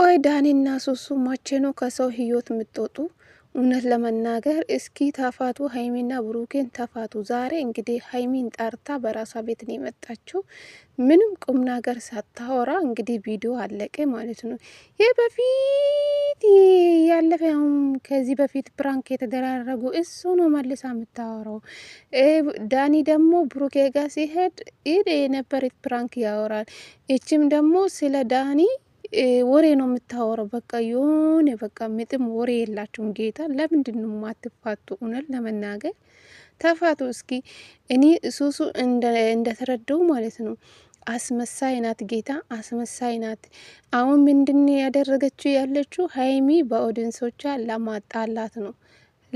ቆይ ዳኒና ሱሱ መቼ ነው ከሰው ህይወት የምትወጡ? እውነት ለመናገር እስኪ ተፋቱ። ሀይሚና ብሩኬን ተፋቱ። ዛሬ እንግዲህ ሀይሚን ጠርታ በራሷ ቤት ነው የመጣችው። ምንም ቁም ነገር ሳታወራ እንግዲህ ቪዲዮ አለቀ ማለት ነው። ይህ በፊት ያለፈ ከዚህ በፊት ፕራንክ የተደራረጉ እሱ ነው መልሳ የምታወራው። ዳኒ ደግሞ ብሩኬ ጋር ሲሄድ ይህ የነበረ ፕራንክ ያወራል። እችም ደግሞ ስለ ዳኒ ወሬ ነው የምታወራው። በቃ የሆነ በቃ ምጥም ወሬ የላቸውም። ጌታ ለምንድን ነው ማትፋቱ? እውነት ለመናገር ተፋቱ እስኪ። እኔ ሱሱ እንደተረዳው ማለት ነው አስመሳይ ናት፣ ጌታ አስመሳይ ናት። አሁን ምንድን ያደረገችው ያለችው ሀይሚ በኦዲንሶቿ ለማጣላት ነው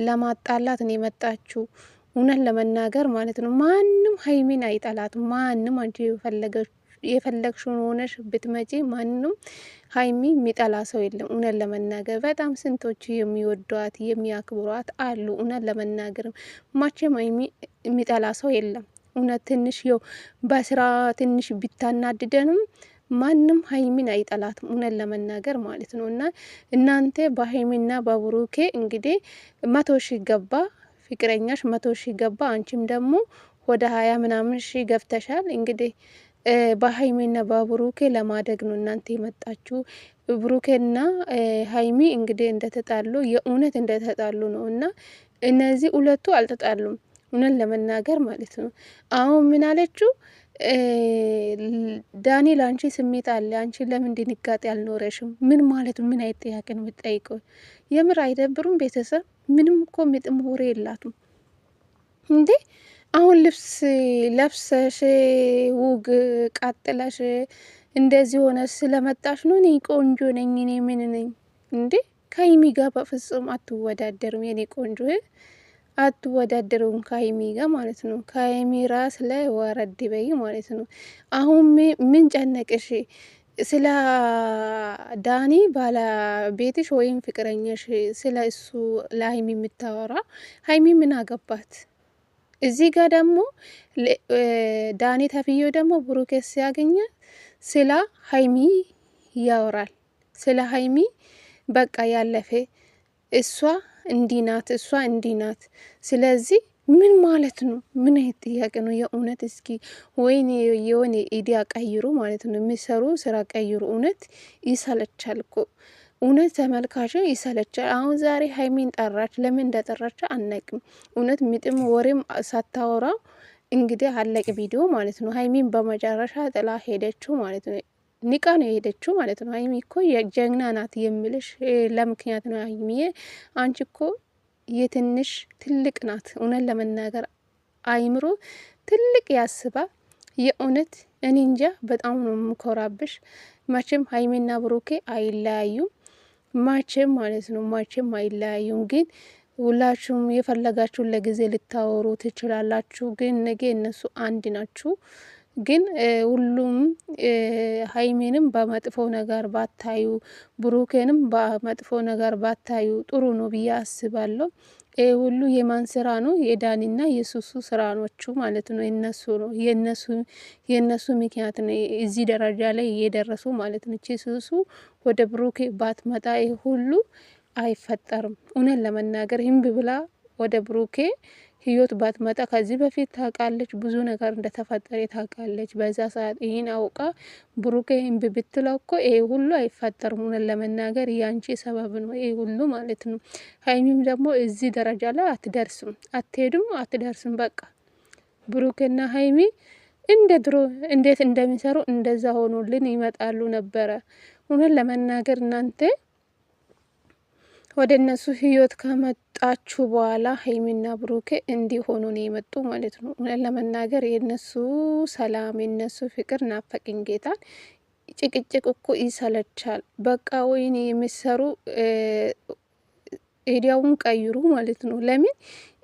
ለማጣላት ነው የመጣችው። እውነት ለመናገር ማለት ነው ማንም ሀይሚን አይጠላት ማንም አንቺ የፈለገች የፈለግሽውን ሆነሽ ብትመጪ ማንም ሀይሚ የሚጠላ ሰው የለም። እውነት ለመናገር በጣም ስንቶች የሚወዷት የሚያክብሯት አሉ። እውነት ለመናገር ማቼም ሀይሚ የሚጠላ ሰው የለም። እውነት ትንሽ የው በስራ ትንሽ ቢታናድደንም ማንም ሀይሚን አይጠላትም። እውነት ለመናገር ማለት ነው እና እናንተ በሀይሚና በብሩኬ እንግዲህ መቶ ሺ ገባ ፍቅረኛሽ መቶ ሺ ገባ አንቺም ደግሞ ወደ ሀያ ምናምን ሺ ገብተሻል እንግዲህ በሀይሜና በብሩኬ ለማደግ ነው እናንተ የመጣችሁ። ብሩኬና ሀይሚ እንግዲህ እንደተጣሉ የእውነት እንደተጣሉ ነው እና እነዚህ ሁለቱ አልተጣሉም፣ እውነት ለመናገር ማለት ነው። አሁን ምን አለችው? ዳኒ ለአንቺ ስሜት አለ፣ አንቺ ለምን ድንጋጤ አልኖረሽም? ምን ማለት ምን አይነት ጥያቄ ነው የምጠይቀው? የምር አይደብሩም? ቤተሰብ ምንም እኮ ምጥም ወሬ የላትም እንዴ አሁን ልብስ ለብሰሽ ውግ ቃጥለሽ እንደዚህ ሆነ ስለመጣሽ ነው እኔ ቆንጆ ነኝ እኔ ምን ነኝ እንዴ? ከሀይሚ ጋር በፍጹም አትወዳደሩም። የኔ ቆንጆ አትወዳደሩም ከሀይሚ ጋር ማለት ነው። ከሀይሚ ራስ ላይ ወረድ በይ ማለት ነው። አሁን ምን ጨነቅሽ? ስለ ዳኒ ባለቤትሽ ወይም ፍቅረኛሽ ስለ እሱ ለሀይሚ የምታወራ ሀይሚ ምን አገባት? እዚህ ጋር ደግሞ ዳኒ ተፍዮ ደግሞ ብሩኬ ሲያገኘ ስለ ሀይሚ ያወራል። ስለ ሀይሚ በቃ ያለፈ እሷ እንዲናት ናት፣ እሷ እንዲናት። ናት። ስለዚህ ምን ማለት ነው? ምን አይነት ጥያቄ ነው? የእውነት እስኪ ወይኔ የሆነ ኢዲያ ቀይሩ ማለት ነው። የሚሰሩ ስራ ቀይሩ። እውነት ይሰለቻል እኮ እውነት ተመልካቹ ይሰለቻል። አሁን ዛሬ ሀይሚን ጠራች፣ ለምን እንደጠራች አናቅም። እውነት ምጥም ወሬም ሳታወራ እንግዲህ አለቅ ቪዲዮ ማለት ነው። ሀይሚን በመጨረሻ ጥላ ሄደችው ማለት ነው። ኒቃ ነው የሄደችው ማለት ነው። ሀይሚ እኮ የጀግና ናት የምልሽ ለምክንያት ነው። ሀይሚዬ አንቺ እኮ የትንሽ ትልቅ ናት። እውነት ለመናገር አይምሮ ትልቅ ያስባ የእውነት እኔ እንጃ በጣም ነው የምኮራብሽ። መቼም ሀይሚና ብሩኬ አይለያዩም። ማቼም ማለት ነው ማቼም አይለያዩም። ግን ሁላችሁም የፈለጋችሁን ለጊዜ ልታወሩ ትችላላችሁ። ግን ነገ እነሱ አንድ ናችሁ። ግን ሁሉም ሀይሜንም በመጥፎ ነገር ባታዩ፣ ብሩኬንም በመጥፎ ነገር ባታዩ ጥሩ ነው ብዬ አስባለሁ። ይህ ሁሉ የማን ስራ ነው? የዳኒና የሱሱ ስራ ኖቹ ማለት ነው። የነሱ ነው የነሱ ምክንያት ነው እዚህ ደረጃ ላይ እየደረሱ ማለት ነው። ሱሱ ወደ ብሩኬ ባትመጣ ይህ ሁሉ አይፈጠርም። እውነት ለመናገር ህምብ ብላ ወደ ብሩኬ ህይወት ባትመጣ ከዚህ በፊት ታውቃለች፣ ብዙ ነገር እንደተፈጠረ ታውቃለች። በዛ ሰዓት ይህን አውቃ ብሩኬ እምቢ ብትለው እኮ ይሄ ሁሉ አይፈጠርም። እውነት ለመናገር ያንቺ ሰበብ ነው ይሄ ሁሉ ማለት ነው። ሀይሚም ደግሞ እዚህ ደረጃ ላይ አትደርስም፣ አትሄድም፣ አትደርስም። በቃ ብሩኬና ሀይሚ እንደ ድሮ እንዴት እንደሚሰሩ እንደዛ ሆኖልን ይመጣሉ ነበረ። እውነት ለመናገር እናንተ ወደ እነሱ ህይወት ከመጣችሁ በኋላ ሀይሚና ብሩኬ እንዲሆኑ ነው የመጡ ማለት ነው። ለመናገር የነሱ ሰላም የነሱ ፍቅር ናፈቅኝ ጌታን ጭቅጭቅ እኮ ይሰለቻል። በቃ ወይን የሚሰሩ ኤዲያውን ቀይሩ ማለት ነው። ለምን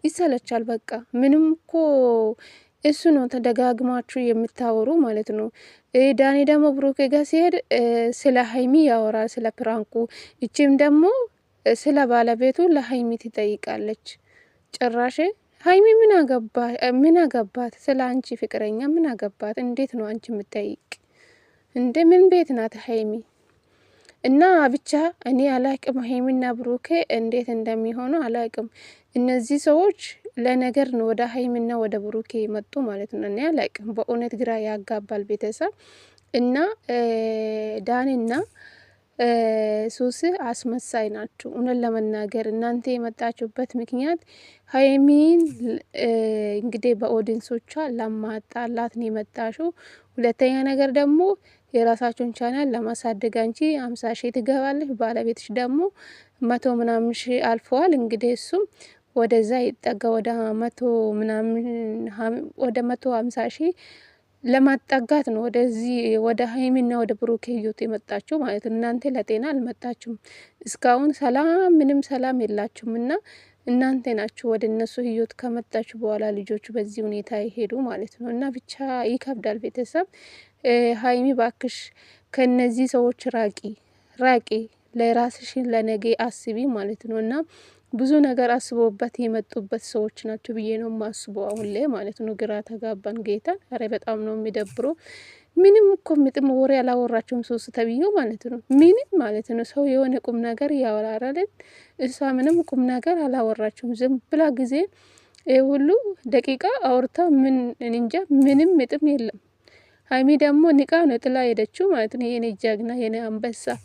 ይሰለቻል? በቃ ምንም እኮ እሱ ነው ተደጋግማችሁ የምታወሩ ማለት ነው። ዳኒ ደግሞ ብሩኬ ጋር ሲሄድ ስለ ሀይሚ ያወራል ስለ ፕራንኩ፣ እችም ደግሞ ስለ ባለቤቱ ለሀይሚ ትጠይቃለች። ጭራሽ ሀይሚ ምን አገባት? ስለ አንቺ ፍቅረኛ ምን አገባት? እንዴት ነው አንቺ የምትጠይቅ እንደ ምን ቤት ናት ሀይሚ? እና ብቻ እኔ አላቅም። ሀይሚና ብሩኬ እንዴት እንደሚሆኑ አላቅም። እነዚህ ሰዎች ለነገር ነው ወደ ሀይሚና ወደ ብሩኬ መጡ ማለት ነው። እኔ አላቅም በእውነት ግራ ያጋባል ቤተሰብ እና ዳንና ሱስ አስመሳይ ናችሁ። እውነት ለመናገር እናንተ የመጣችሁበት ምክንያት ሀይሚን እንግዲህ በኦዲንሶቿ ለማጣላት ነው የመጣሽው። ሁለተኛ ነገር ደግሞ የራሳቸውን ቻናል ለማሳደግ አንቺ አምሳ ሺ ትገባለች፣ ባለቤትሽ ደግሞ መቶ ምናምን ሺህ አልፈዋል። እንግዲህ እሱም ወደዛ ይጠጋ ወደ መቶ ምናምን ወደ መቶ አምሳ ሺህ ለማጣጋት ነው ወደዚህ ወደ ሀይሚና ወደ ብሩኬ ህይወት የመጣችሁ ማለት ነው። እናንተ ለጤና አልመጣችሁም። እስካሁን ሰላም ምንም ሰላም የላችሁም እና እናንተ ናችሁ ወደ እነሱ ህይወት ከመጣችሁ በኋላ ልጆቹ በዚህ ሁኔታ ይሄዱ ማለት ነው እና ብቻ ይከብዳል። ቤተሰብ ሀይሚ ባክሽ ከእነዚህ ሰዎች ራቂ ራቂ፣ ለራስሽን ለነገ አስቢ ማለት ነው እና ብዙ ነገር አስቦበት የመጡበት ሰዎች ናቸው ብዬ ነው የማስበው። አሁን ላይ ማለት ነው ግራ ተጋባን። ጌታ ኧረ በጣም ነው የሚደብሮ። ምንም እኮ ምጥም ወሬ አላወራቸውም ሶስት ተብዬው ማለት ነው። ምንም ማለት ነው ሰው የሆነ ቁም ነገር እያወራረልን፣ እሷ ምንም ቁም ነገር አላወራቸውም። ዝም ብላ ጊዜ ሁሉ ደቂቃ አውርታ ምን እንጃ ምንም ምጥም የለም። ሀይሚ ደግሞ ንቃ ነው ጥላ ሄደችው ማለት ነው። የኔ ጀግና የኔ አንበሳ